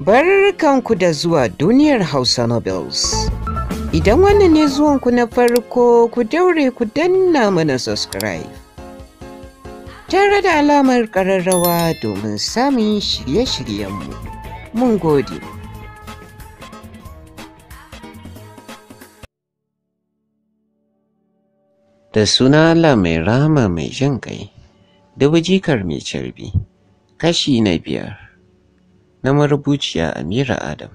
Barkanku da zuwa duniyar Hausa Nobels Idan wannan ne zuwanku na farko ku daure ku danna mana subscribe. Tare da alamar ƙararrawa domin samun shirye-shiryenmu. Mun gode. Da suna Allah mai rama mai jin kai, da bujikar mai carbi, kashi na biyar. na marubuciya Amira Adam.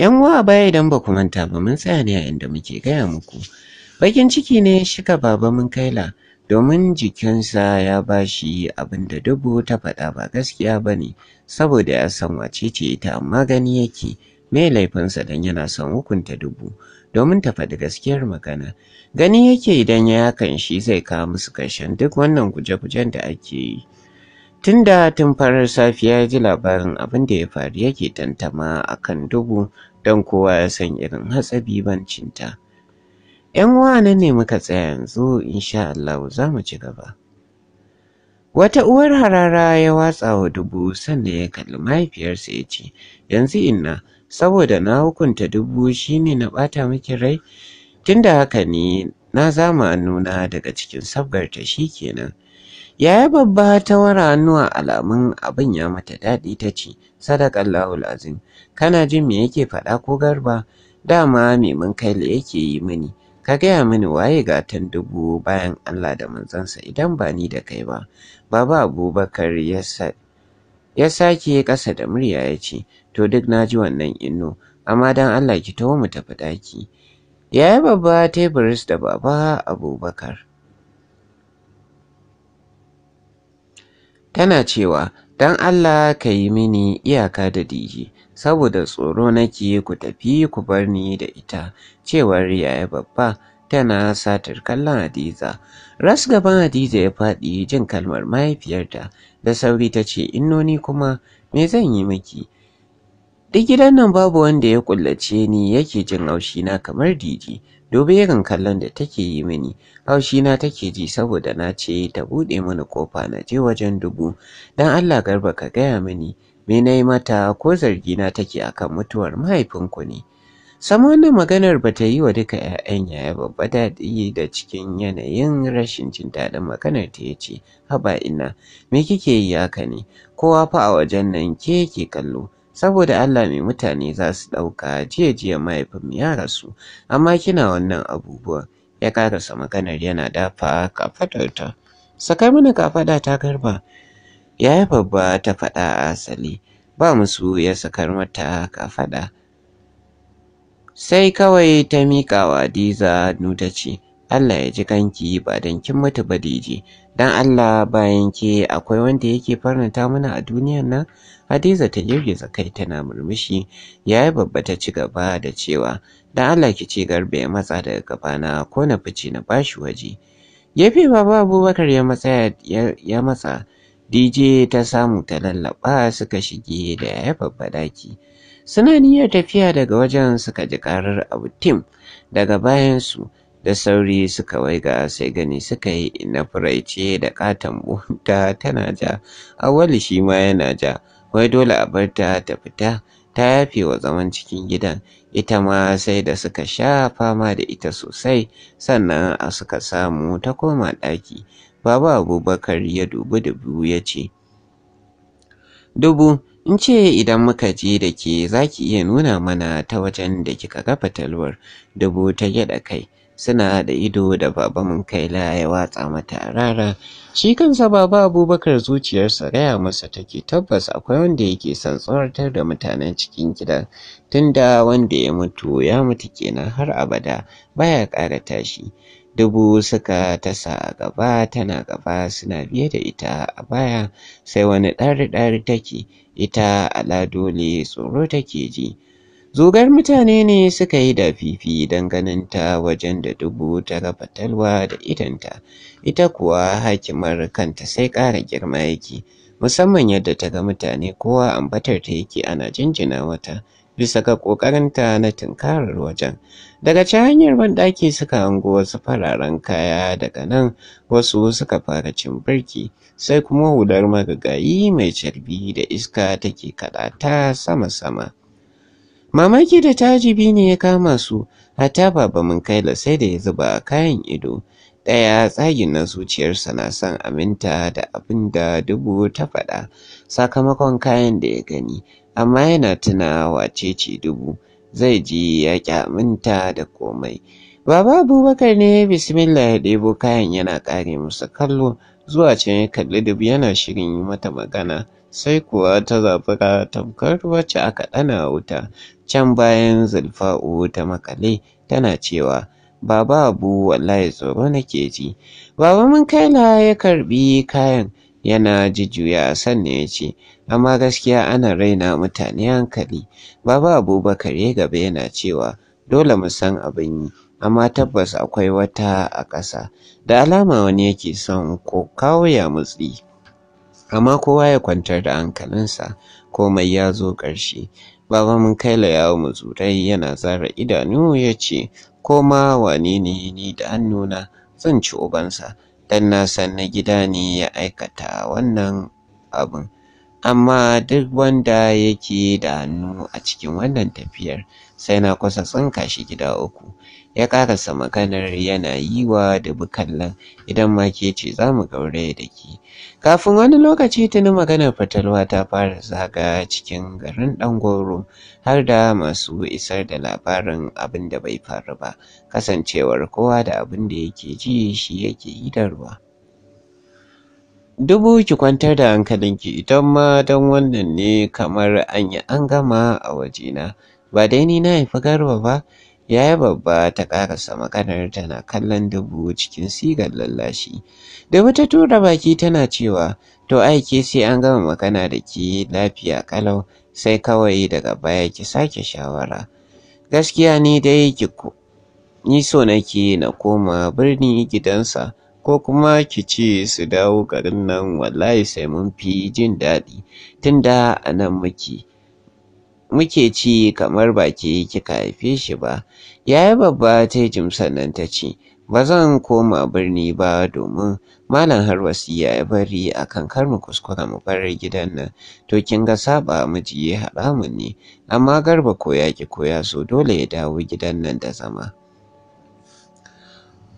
‘Yan wa baya idan ba ku manta ba mun tsaya ne a inda muke gaya muku. Bakin ciki ne shika baba mun kaila domin jikinsa ya ba shi abin da dubu ta faɗa ba gaskiya ba ne saboda ya san wace ce ita amma gani yake mai laifinsa dan yana son hukunta dubu domin ta faɗi gaskiyar magana gani yake idan ya hakan shi zai kawo musu ƙarshen duk wannan guje-gujen da ake yi tunda tun farar safiya ya ji labarin abin da ya faru yake tantama akan dubu don kowa ya san irin hatsabi bancinta yan uwa nan ne muka tsaya yanzu insha Allah za mu ci gaba Wata uwar harara ya watsa wa dubu sannan ya kalli mahaifiyarsa ya ce, Yanzu ina. saboda na hukunta dubu shi ne na ɓata miki rai tunda haka ne na zama hannuna daga cikin sabgarta shi kenan yaya babba ta wara hannuwa alamun abin ya mata daɗi ta ce sadakallahu azim kana jin me yake faɗa ko garba dama me mun kai yake yi mini ka gaya mini waye gatan dubu bayan Allah da manzansa idan ba ni da kai ba baba abubakar ya sake ƙasa da murya ya ce to duk na ji wannan inno amma dan Allah ki taho mu tafi daki! yaya babba teburis da baba abubakar tana cewa dan Allah ka yi mini iyaka da diji saboda tsoro nake ku tafi ku bar ni da ita cewar yaya babba tana satar kallon Hadiza. Ras gaban Hadiza ya faɗi jin kalmar mahaifiyarta da sauri ta ce ni kuma me zan yi miki Duk gidan nan babu wanda ya kullace ni yake jin haushina kamar Didi. Dobe irin kallon da take yi mini, haushina take ji saboda na ce ta buɗe mini ƙofa na je wajen dubu. Dan Allah garba ka gaya mini, me na yi mata ko zargina take akan mutuwar mahaifinku ne. Sama wannan maganar ba ta yi wa duka 'ya'yan yaya babba daɗi da cikin yanayin rashin jin daɗin maganar ta ya ce, haba ina, me kike yi haka ne, kowa fa a wajen nan ke ke kallo. saboda Allah mai mutane za su ɗauka jiya jiya mahaifinmu ya rasu amma kina wannan abubuwan ya karasa maganar yana dafa kafadarta saka mana kafada ta garba ya yi babba ta faɗa a asali ba mu musu ya sakar mata kafada sai kawai ta miƙawa wa Hadiza hannu ce Allah ya ji kanki ba dan kin mutu ba dije dan Allah bayan ke akwai wanda yake farnata mana a duniyar nan Hadiza ta girgiza kai tana murmushi yayi babba ta ci gaba da cewa dan Allah ki ce garbe ya matsa daga gabana ko na fice na bashi waje yafi baba Abubakar ya matsa ya matsa DJ ta samu ta lallaba suka shige da yayi babba daki suna niyyar tafiya daga wajen suka ji karar abu tim daga su da sauri suka waiga sai gani suka yi na furaice da katon buta tana ja awali shi ma yana ja wai dole a bar ta ta fita ta yafe wa zaman cikin gidan ita ma sai da suka sha fama da ita sosai sannan a suka samu ta koma ɗaki baba abubakar ya dubi dubu ya ce dubu in ce idan muka je da ke za ki iya nuna mana ta wajen da kika ga fatalwar dubu ta gyaɗa kai suna da ido da baba la ya watsa mata rara shi kansa baba Abubakar zuciyarsa gaya masa take tabbas akwai wanda yake son tsoratar da mutanen cikin gidan tunda wanda ya mutu ya mutu kenan har abada baya ƙara tashi dubu suka tasa a gaba tana gaba suna biye da ita a baya sai wani ɗari-ɗari take ita aladole ne tsoro take ji Zogar mutane ne suka yi da fifi don ganin ta wajen da dubu ta fatalwa da idonta, ita kuwa hakimar kanta sai ƙara girma yake, musamman yadda ta ga mutane kowa ambatar ta yake ana jinjina mata bisa ga ƙoƙarinta na tunkarar wajen. Daga can hanyar banɗaki suka hango wasu fararen kaya daga nan wasu suka fara cin birki sai kuma hular magagayi mai carbi da iska take kaɗata sama-sama. Mamaki da tajibi ne ya kama su, hatta baba mun kaila sai da ya zuba kayan ido. Ɗaya tsagin na zuciyarsa na son aminta da abin da dubu ta faɗa sakamakon kayan da ya gani, amma yana tuna wace ce dubu zai ji ya ƙi aminta da komai. Baba Abubakar ne bismillah ya ɗebo kayan yana ƙare musu kallo zuwa can ya kalli dubu yana shirin yi mata magana. sai kuwa ta zabura tamkar wacce aka ɗana wuta can bayan zulfa'u ta makale tana cewa baba abu wallahi tsoro nake ji baba mun kaila ya karbi kayan yana jujjuya sanne ya ce amma gaskiya ana raina mutane hankali baba abubakar ya gaba yana cewa dole mu san abin yi amma tabbas akwai wata a ƙasa da alama wani yake son ko kawo ya mutsi amma kowa ya kwantar da hankalinsa komai ya zo ƙarshe baba mun kai yawo mu zurai yana zara idanu ya ce ko ma wane ne ni da hannuna zan ci ubansa dan na san na gida ne ya aikata wannan abin amma duk wanda yake da hannu a cikin wannan tafiyar sai na kusa tsinka shi gida uku ya karasa maganar yana yi wa dubu kallon idan ma ke ce za mu gaure da ke kafin wani lokaci tuni maganar fatalwa ta fara zaga cikin garin goro har da masu isar da labarin abin da bai faru ba kasancewar kowa da abin da yake ji shi yake yi da ruwa dubu ki kwantar da hankalinki idan ma don wannan ne kamar an yi an gama a wajena ba dai ni na haifi garba ba yaya babba ta ƙarasa maganar tana kallon dubu cikin sigar lallashi dubu ta tura baki tana cewa to aiki sai an gama magana da ki lafiya kalau sai kawai daga baya ki sake shawara gaskiya ni dai ki ni so nake na koma birni gidansa ko kuma ki ce su dawo garin nan wallahi sai mun fi jin daɗi tunda a nan muke muke ci kamar ba ke kika haife shi ba yayi babba ta jim sannan ta ce ba zan koma birni ba domin malam har wasiya ya bari a kan kar mu kuskura mu bar gidan nan to kin ga saba miji haramun ne amma garba ko ya ki koya so dole ya dawo gidan nan da zama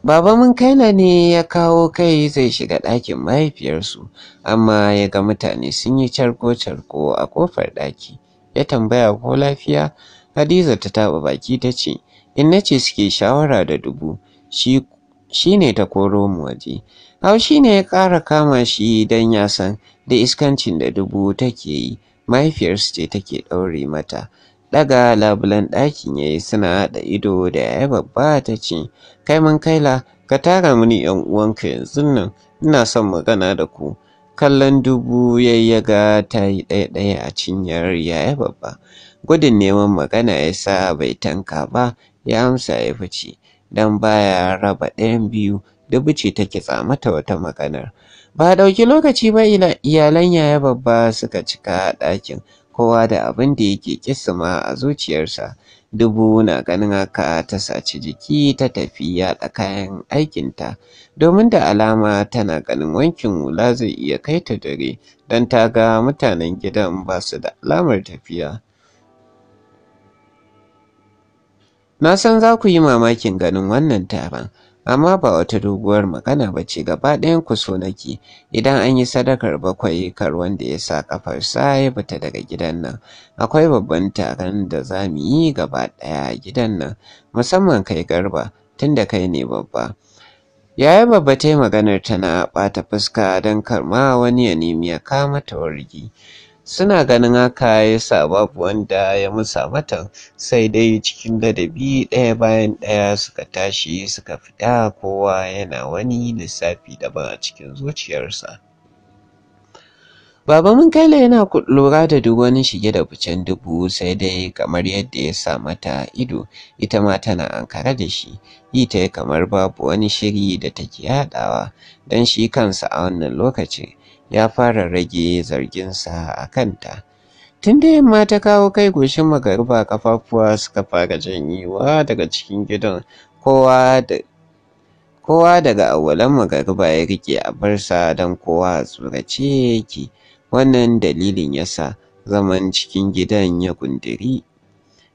Baba mun kaina ne ya kawo kai zai shiga ɗakin mahaifiyarsu, amma ya ga mutane sun yi carko-carko a ƙofar ɗaki. Ya tambaya ko lafiya, Hadiza ta taɓa baki ta ce, in na ce suke shawara da dubu, shi ne ta koro mu waje. Haushi ne ya ƙara kama shi don ya san da iskancin da dubu take yi, mahaifiyarsu ce take ɗaure mata. Ɗaga labulen ɗakin ya yi suna haɗa ido da 'ya'ya babba ta ce, kai mun kaila ka tara mini yan uwanka yanzu nan ina son magana da ku kallon dubu yayyaga ta yi ɗaya-ɗaya a cinyar yaya babba gudun neman magana ya sa bai tanka ba ya amsa ya fice don baya raba ɗayan biyu dubu ce ta kitsa mata wata maganar ba ɗauki lokaci ba iyalan yaya babba suka cika ɗakin kowa da abin da yake kisima a zuciyarsa dubu na ganin haka ta saci jiki ta tafi yaɗa kayan aikinta domin da alama tana ganin wankin hula zai iya kai ta dare don ta ga mutanen gidan ba su da alamar tafiya. Na san za ku yi mamakin ganin wannan taron, amma ba wata doguwar magana ba ce gaba ɗayan ku so nake idan an yi sadakar bakwai kar wanda ya sa sa ya fita daga gidan nan akwai babban taron da za mu yi gaba ɗaya a gidan nan musamman kai garba tunda kai ne babba yaya babba ta yi maganar tana ɓata fuska don karma wani ya nemi ya kama ta wargi suna ganin haka ya sa babu wanda ya musa matan sai dai cikin ladabi ɗaya bayan ɗaya suka tashi suka fita kowa yana wani lissafi daban a cikin zuciyarsa Baba mun yana lura da duk wani shige da ficen dubu sai dai kamar yadda ya sa mata ido ita ma tana ankara da shi yi ta kamar babu wani shiri da take yaɗawa don shi kansa a wannan lokacin. ya fara rage zarginsa a kanta. Tun da yamma ta kawo kai goshin magariba kafafuwa suka fara janyewa daga cikin gidan kowa da kowa daga awalan magariba ya rike a barsa don kowa a tsorace yake wannan dalilin yasa zaman cikin gidan ya gundiri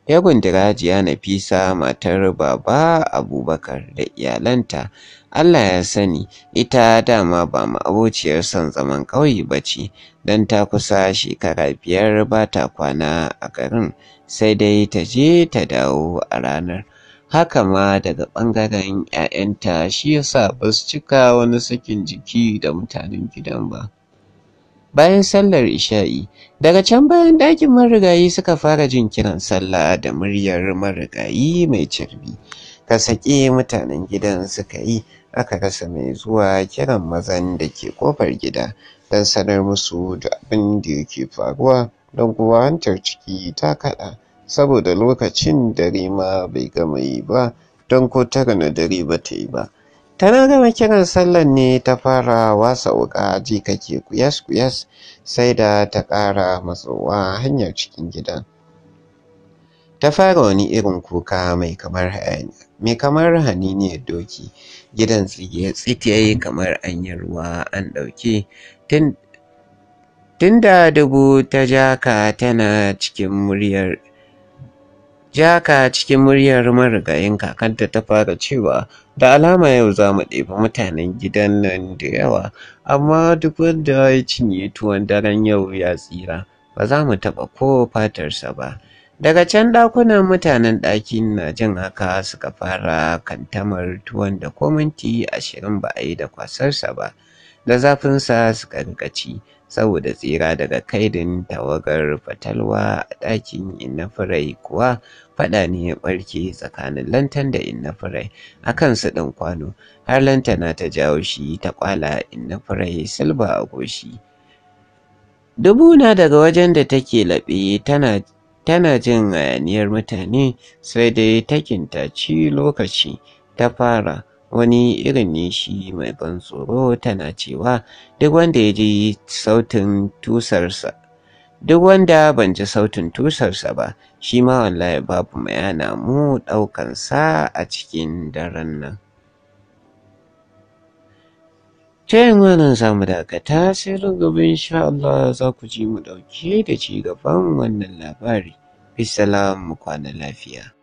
ya gundura Nafisa matar Baba Abubakar da iyalanta. Allah ya sani ita dama ba ma'abociyar son zaman ƙauye ba ce don ta kusa shekara biyar ba ta kwana a garin sai dai ta je ta dawo a ranar. Haka ma daga ɓangaren ‘ya'yanta shi yasa ba su cika wani sakin jiki da mutanen gidan ba. bayan sallar isha'i daga can bayan ɗakin marigayi suka fara jin kiran sallah da muryar marigayi mai cirbi ka saƙe mutanen gidan suka yi aka rasa mai zuwa kiran mazan da ke kofar gida don sanar musu da abin da yake faruwa don kuwa hantar ciki ta kaɗa saboda lokacin dare ma bai gama yi ba don ko tara na dare ba ta yi ba Tana gama kiran sallan ne ta fara wasa wuƙa ji kake kuyas-kuyas sai da ta ƙara matsowa hanyar cikin gidan. Ta fara wani irin kuka mai kamar mai kamar ne doki gidan tsikiyayi kamar an yi ruwa an ɗauki tun da dubu ta jaka tana cikin muryar Jaka cikin muryar marigayin kakanta ta fara cewa da alama yau za mu ɗebi mutanen gidan nan da yawa amma duk wanda ya cinye tuwon daren yau ya tsira ba za mu taɓa ko fatarsa ba. Daga can ɗakunan mutanen ɗakin na jin haka suka fara kantamar tuwon da ko minti ashirin ba a yi da kwasarsa ba, da zafinsa suka rika saboda tsira daga kaidin tawagar fatalwa a ɗakin innafurai kuwa faɗa ne ya ɓarke tsakanin lantan da innafurai a kan su ɗin kwano har lantana ta jawo shi ta kwala innafurai silba a goshi dubuna daga wajen da take laɓe tana jin hayaniyar mutane sai dai takin ta ci lokaci ta fara wani irin nishi mai ban tsoro tana cewa duk wanda ya ji sautin tusarsa duk wanda ban ji sautin tusarsa ba shi ma wallahi babu mai yana mu ɗaukansa a cikin daren nan ta yin wannan zamu dakata sai rugubin insha Allah za ku ji mu ɗauke da ci gaban wannan labari bisalamu kwana lafiya